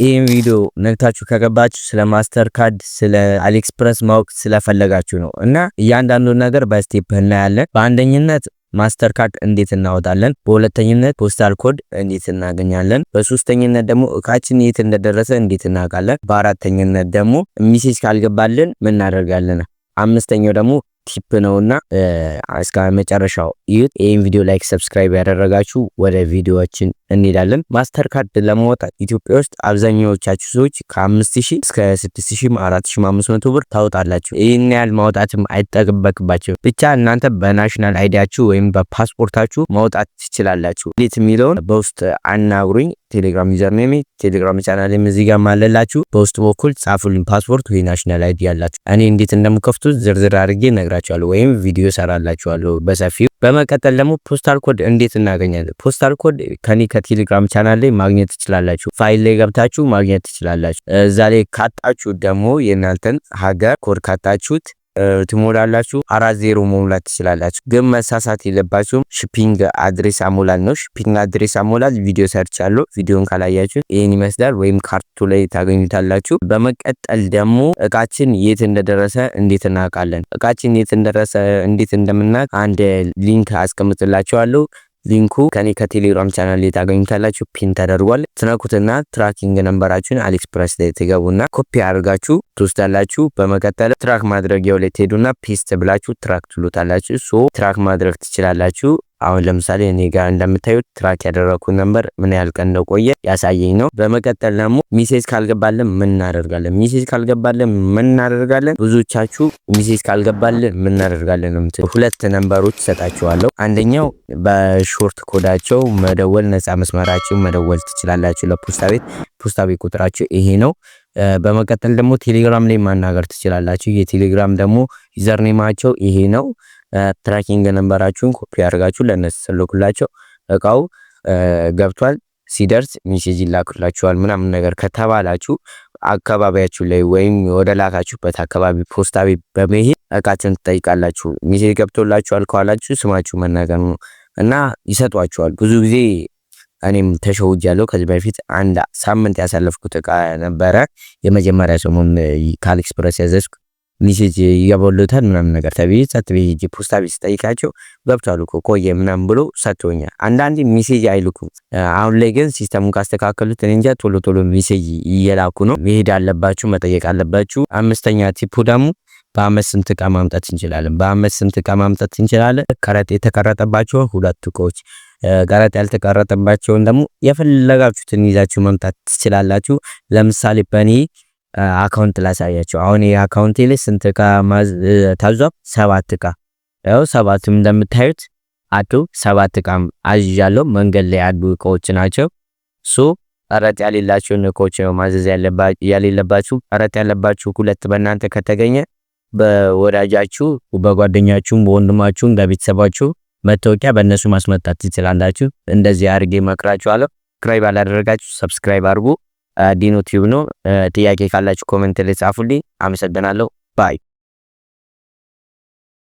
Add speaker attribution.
Speaker 1: ይህም ቪዲዮ ነግታችሁ ከገባችሁ ስለ ማስተር ካርድ ስለ አሊኤክስፕረስ ማወቅ ስለፈለጋችሁ ነው እና እያንዳንዱ ነገር በስቴፕ እናያለን። በአንደኝነት ማስተር ካርድ እንዴት እናወጣለን፣ በሁለተኝነት ፖስታል ኮድ እንዴት እናገኛለን፣ በሶስተኝነት ደግሞ እቃችን የት እንደደረሰ እንዴት እናውቃለን፣ በአራተኝነት ደግሞ ሚሴጅ ካልገባልን ምን እናደርጋለን፣ አምስተኛው ደግሞ ቲፕ ነውና እስከ መጨረሻው ይህ ይህን ቪዲዮ ላይክ፣ ሰብስክራይብ ያደረጋችሁ ወደ ቪዲዮችን እንሄዳለን። ማስተር ካርድ ለማውጣት ኢትዮጵያ ውስጥ አብዛኛዎቻችሁ ሰዎች ከ5000 እስከ 6000 4500 ብር ታወጣላችሁ። ይህን ያህል ማውጣትም አይጠበቅባቸው። ብቻ እናንተ በናሽናል አይዲያችሁ ወይም በፓስፖርታችሁ ማውጣት ትችላላችሁ። እንዴት የሚለውን በውስጥ አናግሩኝ። ቴሌግራም ዩዘር ኔሜ ቴሌግራም ቻናል እዚህ ጋር ማለላችሁ። በውስጥ በኩል ጻፉልኝ ፓስፖርት ወይ ናሽናል አይዲ ያላችሁ። እኔ እንዴት እንደምከፍቱ ዝርዝር አድርጌ ነግራችኋለሁ ወይም ቪዲዮ ሰራላችኋለሁ በሰፊው። በመቀጠል ደግሞ ፖስታል ኮድ እንዴት እናገኛለን? ፖስታል ኮድ ከኔ ከቴሌግራም ቻናል ላይ ማግኘት ትችላላችሁ። ፋይል ላይ ገብታችሁ ማግኘት ትችላላችሁ። እዛ ላይ ካጣችሁት ደግሞ የእናንተን ሀገር ኮድ ካጣችሁት ትሞላላችሁ። አራት ዜሮ መሙላት ትችላላችሁ። ግን መሳሳት የለባችሁም። ሽፒንግ አድሬስ አሞላል ነው። ሽፒንግ አድሬስ አሞላል ቪዲዮ ሰርች አለው። ቪዲዮን ካላያችሁ ይህን ይመስላል፣ ወይም ካርቱ ላይ ታገኙታላችሁ። በመቀጠል ደግሞ እቃችን የት እንደደረሰ እንዴት እናውቃለን? እቃችን የት እንደደረሰ እንዴት እንደምናውቅ አንድ ሊንክ አስቀምጥላችኋለሁ። ሊንኩ ከኔ ከቴሌግራም ቻናል የታገኙታላችሁ ፒን ተደርጓል። ትነኩትና ትራኪንግ ነንበራችሁን አሊኤክስፕረስ ላይ ትገቡና ኮፒ አድርጋችሁ ትወስዳላችሁ። በመቀጠል ትራክ ማድረጊያው ላይ ትሄዱና ፔስት ብላችሁ ትራክ ትሉታላችሁ። ሶ ትራክ ማድረግ ትችላላችሁ። አሁን ለምሳሌ እኔ ጋር እንደምታዩት ትራክ ያደረግኩት ነንበር ምን ያህል ቀን እንደቆየ ያሳየኝ ነው። በመቀጠል ደግሞ ሚሴጅ ካልገባልን ምን እናደርጋለን? ሚሴጅ ካልገባልን ምን እናደርጋለን? ብዙዎቻችሁ ሚሴጅ ካልገባልን ምን እናደርጋለን? ሁለት ነንበሮች ሰጣችኋለሁ። አንደኛው በሾርት ኮዳቸው መደወል ነፃ መስመራቸው መደወል ትችላላችሁ ለፖስታ ቤት። ፖስታ ቤት ቁጥራቸው ይሄ ነው። በመቀጠል ደግሞ ቴሌግራም ላይ ማናገር ትችላላችሁ። የቴሌግራም ደግሞ ዩዘርኔማቸው ይሄ ነው። ትራኪንግ ነንበራችሁን ኮፒ አድርጋችሁ ለነሱ ስልኩላቸው። እቃው ገብቷል ሲደርስ ሚሴጅ ይላክላችኋል ምናምን ነገር ከተባላችሁ አካባቢያችሁ ላይ ወይም ወደ ላካችሁበት አካባቢ ፖስታ ቤት በመሄድ እቃችን ትጠይቃላችሁ። ሚሴጅ ገብቶላችኋል ከኋላችሁ ስማችሁ መናገር ነው እና ይሰጧችኋል። ብዙ ጊዜ እኔም ያለው ከዚህ በፊት አንድ ሳምንት ያሳለፍኩት እቃ ነበረ። የመጀመሪያ ሰሞን ከአሊኤክስፕረስ ያዘዝኩ ሊሴት እያበሉታል ምናምን ነገር ተብዬ ጸጥ ብዬ ፖስታ ቤት ስጠይቃቸው ገብቷል እኮ ቆየ ምናምን ብሎ ሰጥቶኛል። አንዳንድ ሜሴጅ አይልኩም። አሁን ላይ ግን ሲስተሙን ካስተካከሉት እኔ እንጃ ቶሎ ቶሎ ሜሴጅ እየላኩ ነው። መሄድ አለባችሁ፣ መጠየቅ አለባችሁ። አምስተኛ ቲፑ ደግሞ በአመት ስንት እቃ ማምጣት እንችላለን? በአመት ስንት እቃ ማምጣት እንችላለን? ቀረጥ የተቀረጠባቸው ሁለት እቃዎች፣ ቀረጥ ያልተቀረጠባቸውን ደግሞ የፈለጋችሁትን ይዛችሁ መምጣት ትችላላችሁ። ለምሳሌ በእኔ አካውንት ላሳያቸው። አሁን ይህ አካውንቴ ላይ ስንት እቃ ታዟል? ሰባት እቃ ያው ሰባቱም እንደምታዩት አቶ ሰባት እቃም አዝዣለሁ። መንገድ ላይ ያሉ እቃዎች ናቸው። ሶ ቀረጥ ያሌላቸውን እቃዎች ነው ማዘዝ ያሌለባችሁ። ቀረጥ ያለባችሁ ሁለት በእናንተ ከተገኘ በወዳጃችሁ በጓደኛችሁም በወንድማችሁም በቤተሰባችሁ መታወቂያ በእነሱ ማስመጣት ትችላላችሁ። እንደዚህ አድርጌ መክራችኋለሁ። ሰብስክራይብ አላደረጋችሁ ሰብስክራይብ አድርጉ። ዲኖ ቲዩብ ነው። ጥያቄ ካላችሁ ኮመንት ላይ ጻፉልኝ። አመሰግናለሁ ባይ